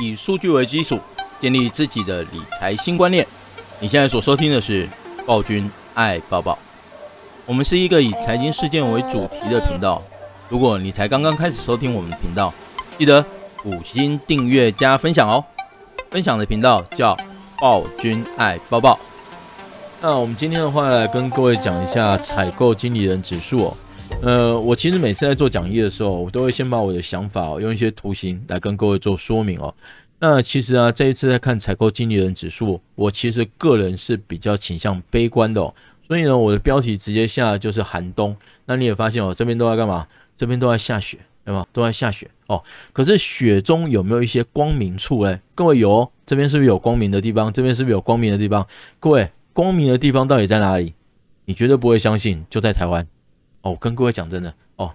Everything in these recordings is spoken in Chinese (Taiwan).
以數據為基礎，建立自己的理財新觀念。你現在所收聽的是暴君愛抱抱，我們是一個以財經事件為主題的頻道。如果你才剛剛開始收聽我們的頻道，記得五星訂閱加分享哦。分享的頻道叫暴君愛抱抱。那我們今天的話，來跟各位講一下採購經理人指數哦。呃，我其實每次在做講義的時候，我都會先把我的想法用一些圖形來跟各位做說明哦。那其實啊，這一次在看採購經理人指數，我其實個人是比較傾向悲觀的，哦，所以呢，我的標題直接下的就是寒冬。那你也發現哦，這邊都在幹嘛？這邊都在下雪，對吧？都在下雪哦。可是雪中有沒有一些光明處誒，各位有哦，這邊是不是有光明的地方？這邊是不是有光明的地方？各位，光明的地方到底在哪裡？你絕對不會相信，就在台灣。哦，跟各位講真的哦，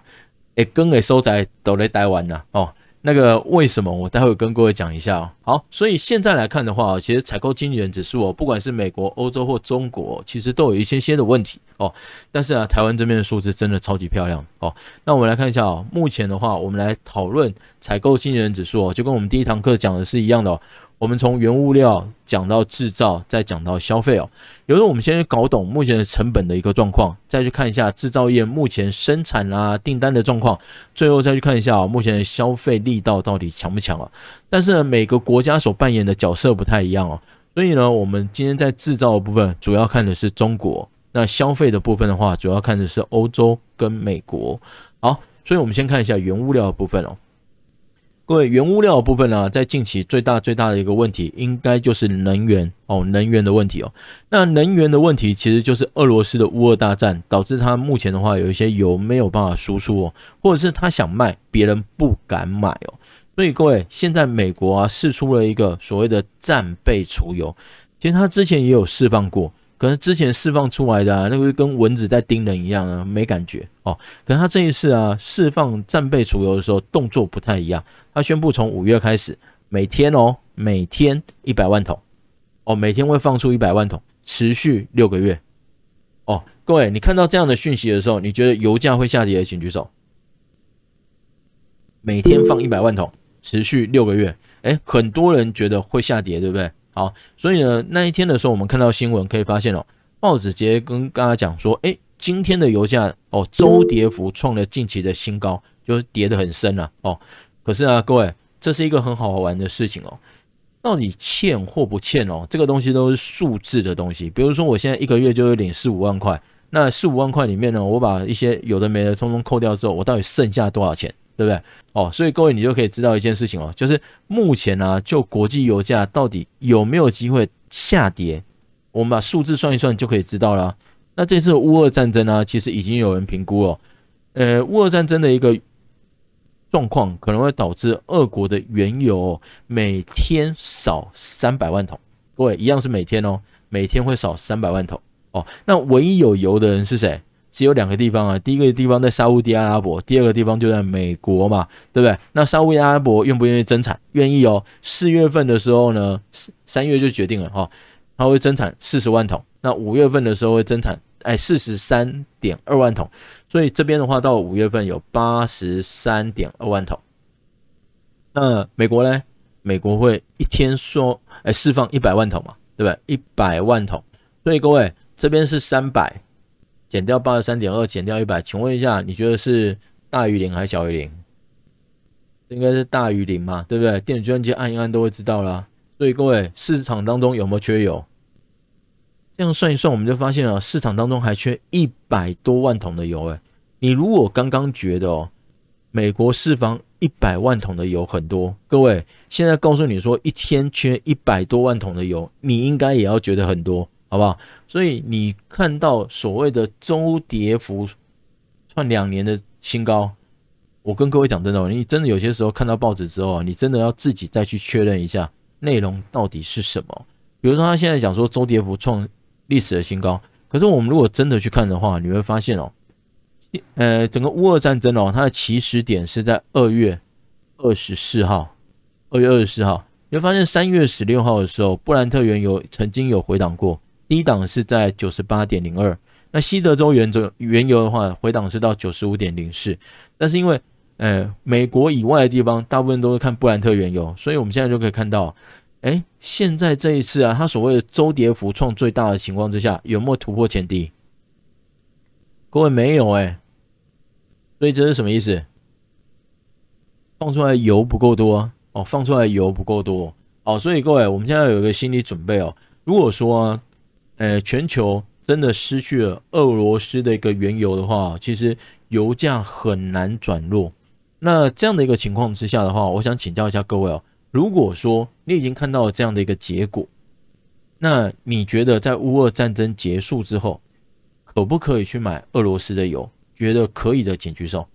誒跟哎收在都來待完啦哦，那個為什麼？我待會跟各位講一下哦。好，所以現在來看的話，其實採購經理人指數哦，不管是美國、歐洲或中國，其實都有一些些的問題哦。但是啊，台灣這邊的數字真的超級漂亮哦。那我們來看一下哦，目前的話，我們來討論採購經理人指數哦，就跟我們第一堂課講的是一樣的哦。我們從原物料講到製造，再講到消費哦。有時候我們先去搞懂目前的成本的一個狀況，再去看一下製造業目前生產啊，訂單的狀況，最後再去看一下啊，哦，目前的消費力道到底強不強啊。但是呢，每個國家所扮演的角色不太一樣哦。所以呢，我們今天在製造的部分主要看的是中國，那消費的部分的話主要看的是歐洲跟美國。好，所以我們先看一下原物料的部分哦。各位，原物料的部分呢、啊，在近期最大最大的一個問題，應該就是能源哦，能源的問題哦。那能源的問題，其實就是俄羅斯的烏俄大戰，導致他目前的話，有一些油沒有辦法輸出哦，或者是他想賣，別人不敢買哦。所以各位，現在美國啊，釋出了一個所謂的戰備儲油，其實他之前也有釋放過。可能之前釋放出來的，啊，那個跟蚊子在叮人一樣啊，沒感覺哦。可能他這一次啊釋放戰備儲油的時候動作不太一樣，他宣布從五月開始每天哦，每天一百萬桶哦，每天會放出一百萬桶，持續六個月哦。各位，你看到這樣的訊息的時候，你覺得油價會下跌的，請舉手。每天放一百萬桶，持續六個月，哎，欸，很多人覺得會下跌，對不對？好，所以呢，那一天的時候，我們看到新聞，可以發現哦，報紙直接跟大家講說，哎，今天的油價哦，週跌幅創了近期的新高，就是跌得很深了、啊、哦。可是啊，各位，這是一個很好玩的事情哦。到底欠或不欠哦，這個東西都是數字的東西。比如說，我現在一個月就是領四五萬塊，那四五萬塊裡面呢，我把一些有的沒的通通扣掉之後，我到底剩下多少錢？對不對？哦，所以各位你就可以知道一件事情哦，就是目前呢、啊，就國際油價到底有沒有機會下跌，我們把數字算一算就可以知道了、啊。那這次的烏俄戰爭啊，其實已經有人評估哦，呃，烏俄戰爭的一個狀況可能會導致俄國的原油、哦、每天少三百萬桶。各位一樣是每天哦，每天會少三百萬桶哦。那唯一有油的人是誰？只有兩個地方啊，第一個地方在沙烏地阿拉伯，第二個地方就在美國嘛，對不對？那沙烏地阿拉伯願不願意增產？願意哦。四月份的時候呢，三月就決定了哈，它會增產四十萬桶。那五月份的時候會增產，哎，四十三點二萬桶。所以這邊的話，到五月份有八十三點二萬桶。那美國呢？美國會一天說，哎，釋放一百萬桶嘛，對不對？一百萬桶。所以各位，這邊是三百。減掉八十三點二，減掉一百，請問一下，你覺得是大於零還是小於零？應該是大於零嘛，對不對？電子計算機按一按都會知道啦。所以各位，市場當中有沒有缺油？這樣算一算，我們就發現了市場當中還缺一百多萬桶的油欸。哎，你如果剛剛覺得哦，美國釋放一百萬桶的油很多，各位現在告訴你說一天缺一百多萬桶的油，你應該也要覺得很多。好不好？所以你看到所謂的周跌幅創兩年的新高，我跟各位講真的哦，你真的有些時候看到報紙之後啊，你真的要自己再去確認一下內容到底是什麼。比如說他現在講說周跌幅創歷史的新高，可是我們如果真的去看的話，你會發現哦，呃，整個烏俄戰爭哦，它的起始點是在二月二十四號，二月二十四號，你會發現三月十六號的時候，布蘭特原油曾經有回檔過。低檔是在九十八點零二，那西德州原油原油的話，回檔是到九十五點零四，但是因為呃美國以外的地方，大部分都是看布蘭特原油，所以我們現在就可以看到，哎、欸，現在這一次啊，它所謂的周跌幅創最大的情況之下，有沒有突破前低？各位沒有哎、欸，所以這是什麼意思？放出來油不夠多哦，放出來油不夠多哦，所以各位我們現在有一個心理準備哦，如果說啊。呃，全球真的失去了俄羅斯的一個原油的話，其實油價很難轉弱。那這樣的一個情況之下的話，我想請教一下各位哦，如果說你已經看到了這樣的一個結果，那你覺得在烏俄戰爭結束之後，可不可以去買俄羅斯的油？覺得可以的，請舉手。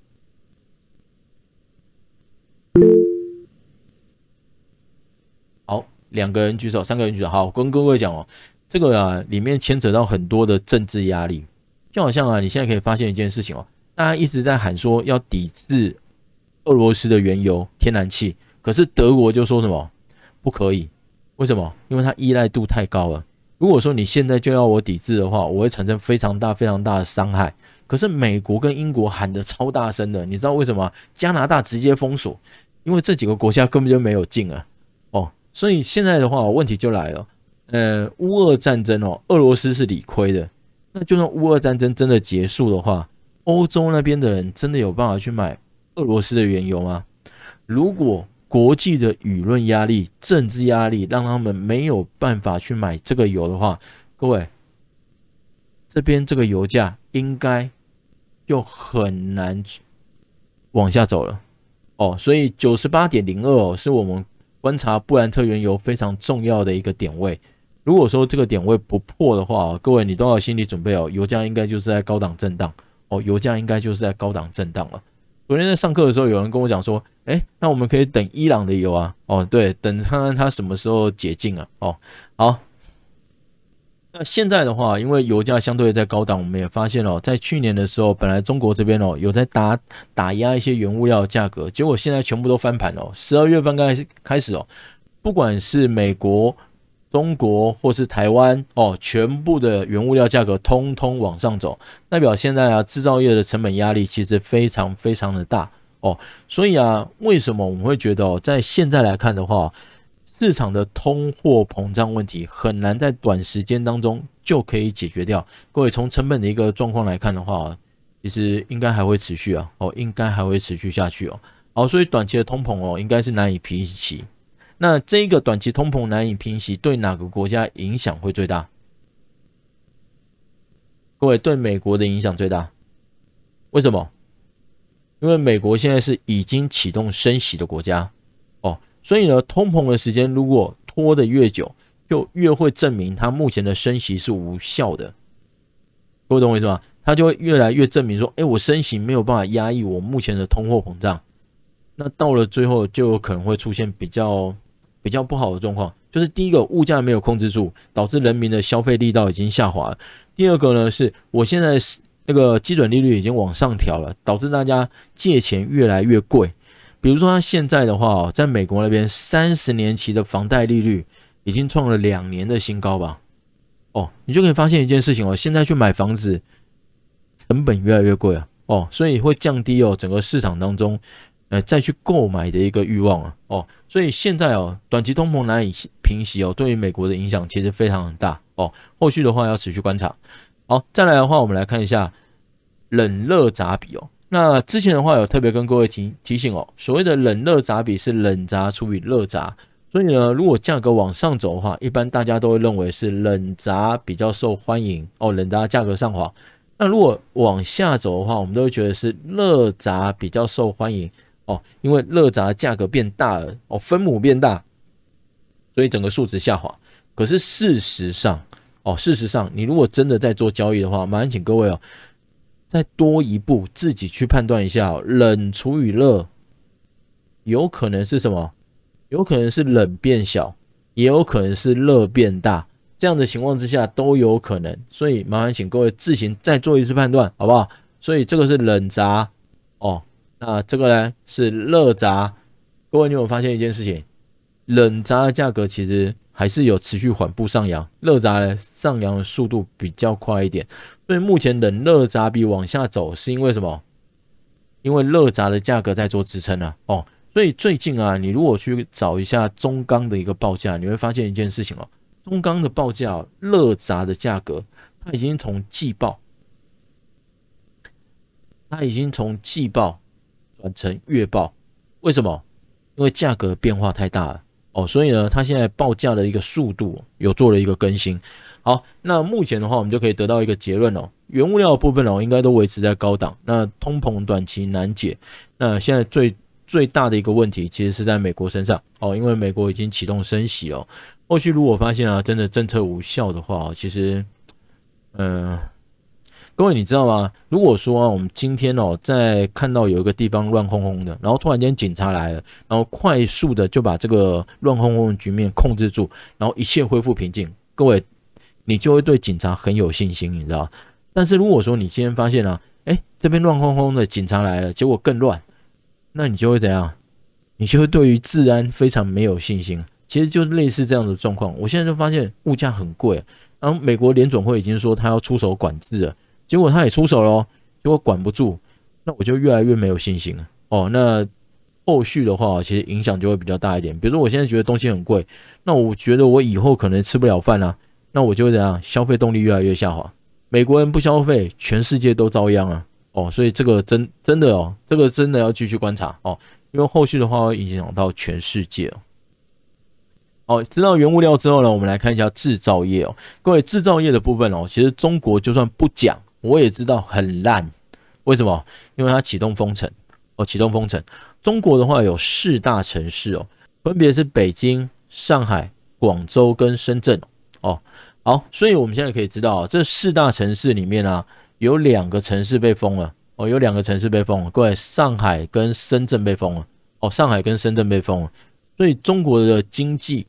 好，兩個人舉手，三個人舉手。好，跟各位講哦。這個啊，裡面牽扯到很多的政治壓力，就好像啊，你現在可以發現一件事情哦，大家一直在喊說要抵制俄羅斯的原油、天然氣，可是德國就說什麼不可以？為什麼？因為它依賴度太高了。如果說你現在就要我抵制的話，我會產生非常大、非常大的傷害。可是美國跟英國喊得超大聲的，你知道為什麼？加拿大直接封鎖，因為這幾個國家根本就沒有進啊。哦，所以現在的話，問題就來了。呃，烏俄戰爭哦，俄羅斯是理虧的。那就算烏俄戰爭真的結束的話，歐洲那邊的人真的有辦法去買俄羅斯的原油嗎？如果國際的輿論壓力、政治壓力讓他們沒有辦法去買這個油的話，各位，這邊這個油價應該就很難往下走了。哦，所以九十八點零二哦，是我們觀察布蘭特原油非常重要的一個點位。如果說這個點位不破的話，各位你都要心理準備哦，油價應該就是在高檔震盪哦，油價應該就是在高檔震盪了。昨天在上課的時候，有人跟我講說，哎，那我們可以等伊朗的油啊，哦，對，等看看他什麼時候解禁啊，哦，好。那現在的話，因為油價相對在高檔，我們也發現哦，在去年的時候，本來中國這邊哦有在打打壓一些原物料的價格，結果現在全部都翻盤了。十二月份開始開始哦，不管是美國。中國或是台灣哦，全部的原物料價格通通往上走，代表現在啊製造業的成本壓力其實非常非常的大哦，所以啊為什麼我們會覺得、哦、在現在來看的話、啊，市場的通貨膨脹問題很難在短時間當中就可以解決掉？各位從成本的一個狀況來看的話、啊，其實應該還會持續啊哦，應該還會持續下去哦，好，所以短期的通膨哦應該是難以平息。那這一個短期通膨難以平息，對哪個國家影響會最大？各位，對美國的影響最大，為什麼？因為美國現在是已經啟動升息的國家哦，所以呢，通膨的時間如果拖得越久，就越會證明它目前的升息是無效的。各位懂我意思吧？它就會越來越證明說，哎，我升息沒有辦法壓抑我目前的通貨膨脹。那到了最後，就有可能會出現比較。比較不好的狀況就是，第一個物價沒有控制住，導致人民的消費力道已經下滑了；第二個呢，是我現在那個基準利率已經往上調了，導致大家借錢越來越貴。比如說，他現在的話，在美國那邊，三十年期的房貸利率已經創了兩年的新高吧？哦，你就可以發現一件事情哦，現在去買房子成本越來越貴啊！哦，所以會降低哦整個市場當中。呃，再去購買的一個慾望啊，哦，所以現在哦，短期通膨難以平息哦，對於美國的影響其實非常很大哦。後續的話要持續觀察。好，再來的話，我們來看一下冷熱軋比哦。那之前的話有特別跟各位提提醒哦，所謂的冷熱軋比是冷軋除以熱軋，所以呢，如果價格往上走的話，一般大家都會認為是冷軋比較受歡迎哦，冷軋價格上滑。那如果往下走的話，我們都會覺得是熱軋比較受歡迎。哦，因為熱軋價格變大了，哦，分母變大，所以整個數值下滑。可是事實上，哦，事實上，你如果真的在做交易的話，麻煩請各位哦，再多一步自己去判斷一下哦。冷除以熱，有可能是什麼？有可能是冷變小，也有可能是熱變大。這樣的情況之下都有可能，所以麻煩請各位自行再做一次判斷，好不好？所以這個是冷軋，哦。那、啊、這個呢，是熱軋，各位你有發現一件事情，冷軋的價格其實還是有持續緩步上揚，熱軋呢上揚的速度比較快一點。所以目前冷熱軋比往下走，是因為什麼？因為熱軋的價格在做支撐啊。哦，所以最近啊，你如果去找一下中鋼的一個報價，你會發現一件事情哦，中鋼的報價，哦，熱軋的價格它已經從季報，它已經從季報。完成月報，為什麼？因為價格變化太大了哦，所以呢，它現在報價的一個速度有做了一個更新。好，那目前的話，我們就可以得到一個結論哦，原物料的部分哦，應該都維持在高檔。那通膨短期難解，那現在最最大的一個問題，其實是在美國身上哦，因為美國已經啟動升息了。後續如果發現啊，真的政策無效的話哦，其實，嗯、呃。各位，你知道嗎？如果說啊，我們今天哦，在看到有一個地方亂哄哄的，然後突然間警察來了，然後快速的就把這個亂哄哄的局面控制住，然後一切恢復平靜，各位，你就會對警察很有信心，你知道？但是如果說你今天發現啊，誒，這邊亂哄哄的，警察來了，結果更亂，那你就會怎樣？你就會對於治安非常沒有信心。其實就類似這樣的狀況。我現在就發現物價很貴，然後美國聯準會已經說他要出手管制了。結果他也出手了哦，結果管不住，那我就越來越沒有信心了。哦，那後續的話，其實影響就會比較大一點。比如說，我現在覺得東西很貴，那我覺得我以後可能吃不了飯了啊，那我就會怎樣？消費動力越來越下滑。美國人不消費，全世界都遭殃啊！哦，所以這個真真的哦，這個真的要繼續觀察哦，因為後續的話會影響到全世界哦。知道原物料之後呢，我們來看一下制造業哦。各位，制造業的部分哦，其實中國就算不講。我也知道很爛，為什麼？因為它啟動封城哦，啟動封城。中國的話有四大城市哦，分別是北京、上海、廣州跟深圳哦。好，所以我們現在可以知道，這四大城市裡面啊，有兩個城市被封了哦，有兩個城市被封了，各位，上海跟深圳被封了哦，上海跟深圳被封了。所以中國的經濟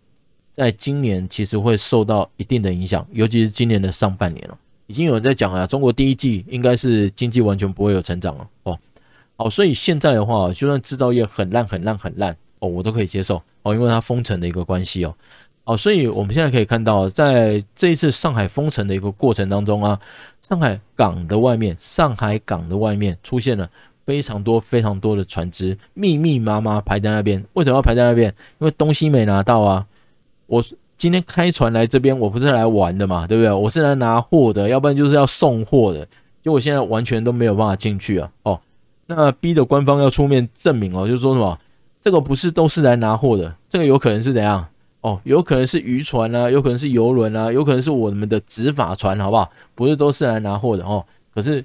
在今年其實會受到一定的影響，尤其是今年的上半年已經有人在講啊，中國第一季應該是經濟完全不會有成長了哦。好、哦，所以現在的話，就算製造業很爛很爛很爛哦，我都可以接受哦，因為它封城的一個關係哦。好、哦，所以我們現在可以看到，在這一次上海封城的一個過程當中啊，上海港的外面，上海港的外面出現了非常多非常多的船隻，密密麻麻排在那邊。為什麼要排在那邊？因為東西沒拿到啊。我。今天開船來這邊，我不是來玩的嘛，對不對？我是來拿貨的，要不然就是要送貨的。結果現在完全都沒有辦法進去啊！哦，那逼的官方要出面證明哦，就是說什麼這個不是都是來拿貨的，這個有可能是怎樣？哦，有可能是漁船啊，有可能是遊輪啊，有可能是我們的執法船，好不好？不是都是來拿貨的哦。可是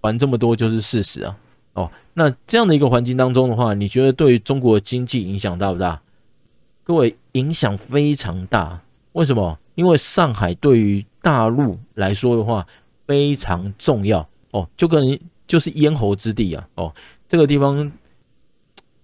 船這麼多就是事實啊！哦，那這樣的一個環境當中的話，你覺得對於中國的經濟影響大不大？各位，影響非常大，為什麼？因為上海對於大陸來說的話非常重要哦，就跟就是咽喉之地啊哦，這個地方，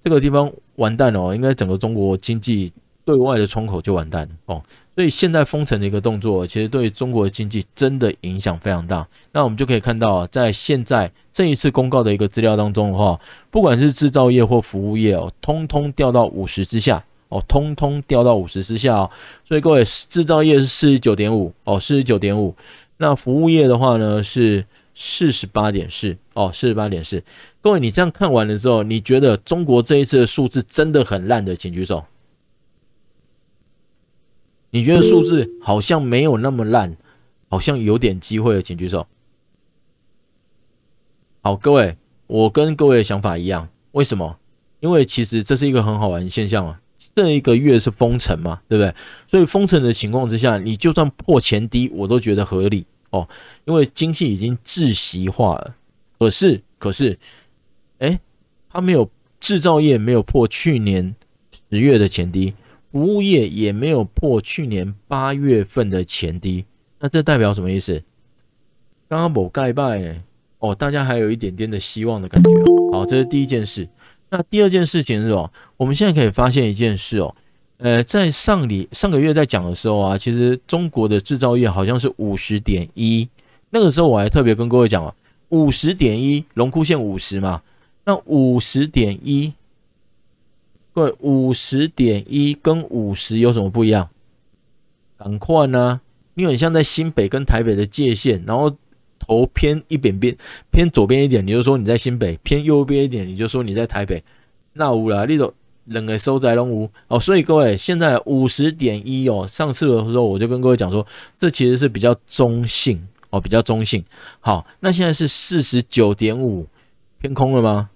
這個地方完蛋了，應該整個中國經濟對外的窗口就完蛋了哦。所以現在封城的一個動作，其實對中國經濟真的影響非常大。那我們就可以看到啊，在現在這一次公告的一個資料當中的話，不管是製造業或服務業哦，通通掉到五十之下。哦，通通掉到五十之下哦，所以各位制造業是四十九點五哦，四十九點五。那服務業的話呢是四十八點四哦，四十八點四。各位，你這樣看完了之後，你覺得中國這一次的數字真的很爛的，請舉手。你覺得數字好像沒有那麼爛，好像有點機會的，請舉手。好，各位，我跟各位的想法一樣，為什麼？因為其實這是一個很好玩的現象啊。這一個月是封城嘛，對不對？所以封城的情況之下，你就算破前低，我都覺得合理哦，因為經濟已經窒息化了。可是，可是，哎，它沒有，制造業沒有破去年十月的前低，服務業也沒有破去年八月份的前低，那這代表什麼意思？剛剛某蓋拜，哦，大家還有一點點的希望的感覺哦。好，這是第一件事。那第二件事情是哦，我們現在可以發現一件事哦，呃，在上禮上個月在講的時候啊，其實中國的製造業好像是五十點一，那個時候我還特別跟各位講了五十點一榮枯線五十嘛，那五十點一，對，五十點一跟五十有什麼不一樣？趕快呢，因為很像在新北跟台北的界限，然後。哦，偏一邊邊，偏左邊一點，你就說你在新北，偏右邊一點，你就說你在台北。那無啦，那種冷的收窄龍無哦。所以各位，現在五十點一哦，上次的時候我就跟各位講說，這其實是比較中性哦，比較中性。好，那現在是四十九點五，偏空了嗎？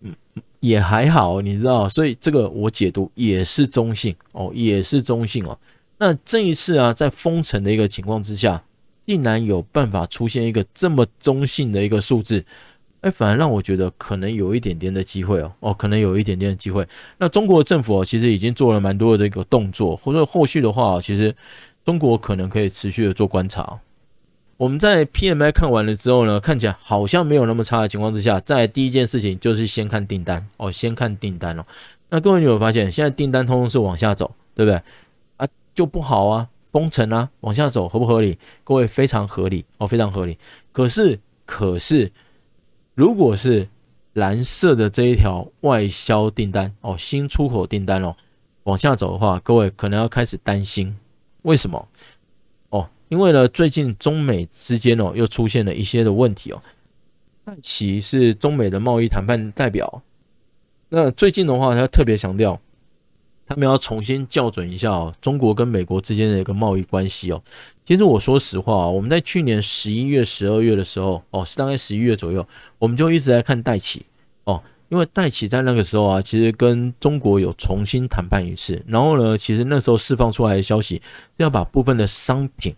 嗯，也還好，你知道，所以這個我解讀也是中性哦，也是中性哦。那這一次啊，在封城的一個情況之下，竟然有辦法出現一個這麼中性的一個數字，哎、欸，反而讓我覺得可能有一點點的機會哦，哦，可能有一點點的機會。那中國政府其實已經做了蠻多的一個動作，或者後續的話，其實中國可能可以持續的做觀察。我們在 PMI 看完了之後呢，看起來好像沒有那麼差的情況之下，再第一件事情就是先看訂單哦，先看訂單哦。那各位你有發現，現在訂單通通是往下走，對不對？啊，就不好啊。工程啊，往下走合不合理？各位非常合理哦，非常合理。可是，可是，如果是藍色的這一條外銷訂單哦，新出口訂單哦，往下走的話，各位可能要開始擔心。為什麼？哦，因為呢，最近中美之間哦，又出現了一些的問題哦。戴琪是中美的貿易談判代表，那最近的話，他特別強調。他們要重新校準一下哦，中國跟美國之間的一個貿易關係哦。其實我說實話啊，我們在去年十一月、十二月的時候哦，是大概十一月左右，我們就一直在看戴琪哦，因為戴琪在那個時候啊，其實跟中國有重新談判一次。然後呢，其實那時候釋放出來的消息是要把部分的商品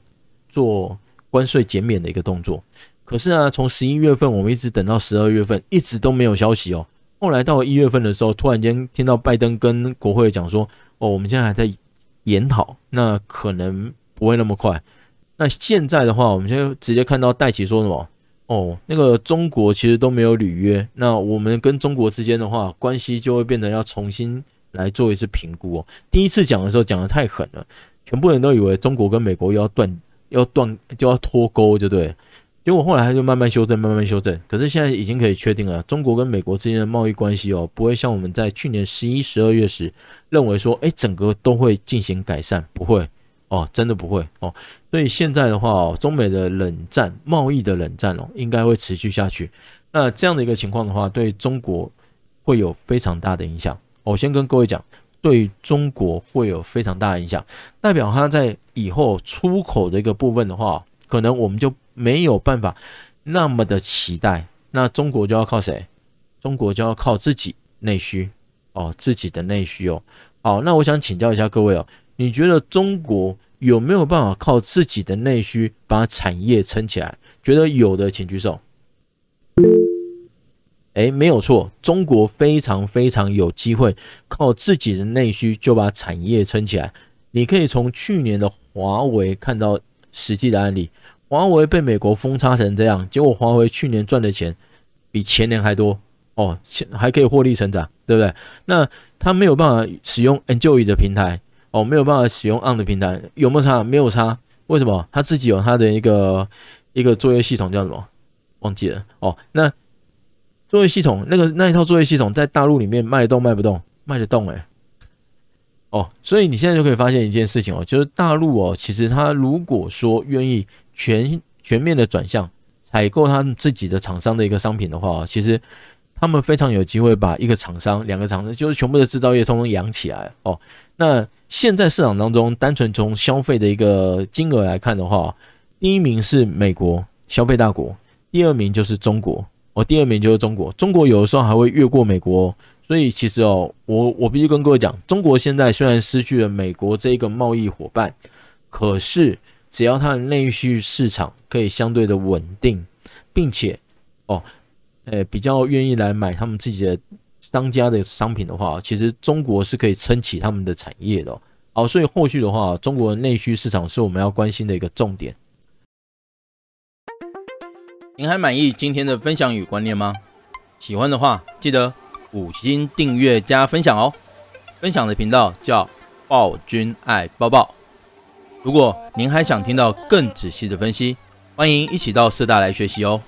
做關稅減免的一個動作。可是呢，從十一月份我們一直等到十二月份，一直都沒有消息哦。後來到一月份的時候，突然間聽到拜登跟國會講說：“哦，我們現在還在研討，那可能不會那麼快。”那現在的話，我們就直接看到戴琪說什麼：“哦，那個中國其實都沒有履約，那我們跟中國之間的話關係就會變得要重新來做一次評估哦。”第一次講的時候講得太狠了，全部人都以為中國跟美國要斷要斷就要脫鈎，就對。結果後來他就慢慢修正，慢慢修正。可是現在已經可以確定了，中國跟美國之間的貿易關係哦，不會像我們在去年十一、十二月時認為說，哎，整個都會進行改善，不會哦，真的不會哦。所以現在的話哦，中美的冷戰，貿易的冷戰哦，應該會持續下去。那這樣的一個情況的話，對中國會有非常大的影響。我先跟各位講，對中國會有非常大的影響，代表他在以後出口的一個部分的話。可能我們就沒有辦法那麼的期待，那中國就要靠誰？中國就要靠自己內需哦，自己的內需哦。好，那我想請教一下各位哦，你覺得中國有沒有辦法靠自己的內需把產業撐起來？覺得有的，請舉手。哎，沒有錯，中國非常非常有機會靠自己的內需就把產業撐起來。你可以從去年的華為看到。實際的案例，華為被美國封殺成這樣，結果華為去年賺的錢比前年還多哦，還可以獲利成長，對不對？那他沒有辦法使用 Android 的平台哦，沒有辦法使用 on 的平台，有沒有差？沒有差，為什麼？他自己有他的一個一個作業系統叫什麼？忘記了哦。那作業系統那個那一套作業系統在大陸裡面賣得動賣不動？賣得動誒、欸。哦，所以你現在就可以發現一件事情哦，就是大陸哦，其實他如果說願意全全面的轉向採購他自己的廠商的一個商品的話，其實他們非常有機會把一個廠商、兩個廠商，就是全部的製造業，通通養起來哦。那現在市場當中，單純從消費的一個金額來看的話，第一名是美國消費大國，第二名就是中國，哦，第二名就是中國，中國有的時候還會越過美國。所以其實哦，我我必須跟各位講，中國現在雖然失去了美國這個貿易夥伴,可是只要它的內需市場可以相對的穩定,並且哦,誒、呃、比較願意來買他們自己的商家的商品的話,其實中國是可以撐起他們的產業的。哦、所以後續的話,中國內需市場是我們要關心的一個重點。您還滿意今天的分享與觀念嗎?喜歡的話記得。五星訂閱加分享哦，分享的頻道叫“暴君愛抱抱”。如果您還想聽到更仔細的分析，歡迎一起到社大來學習哦。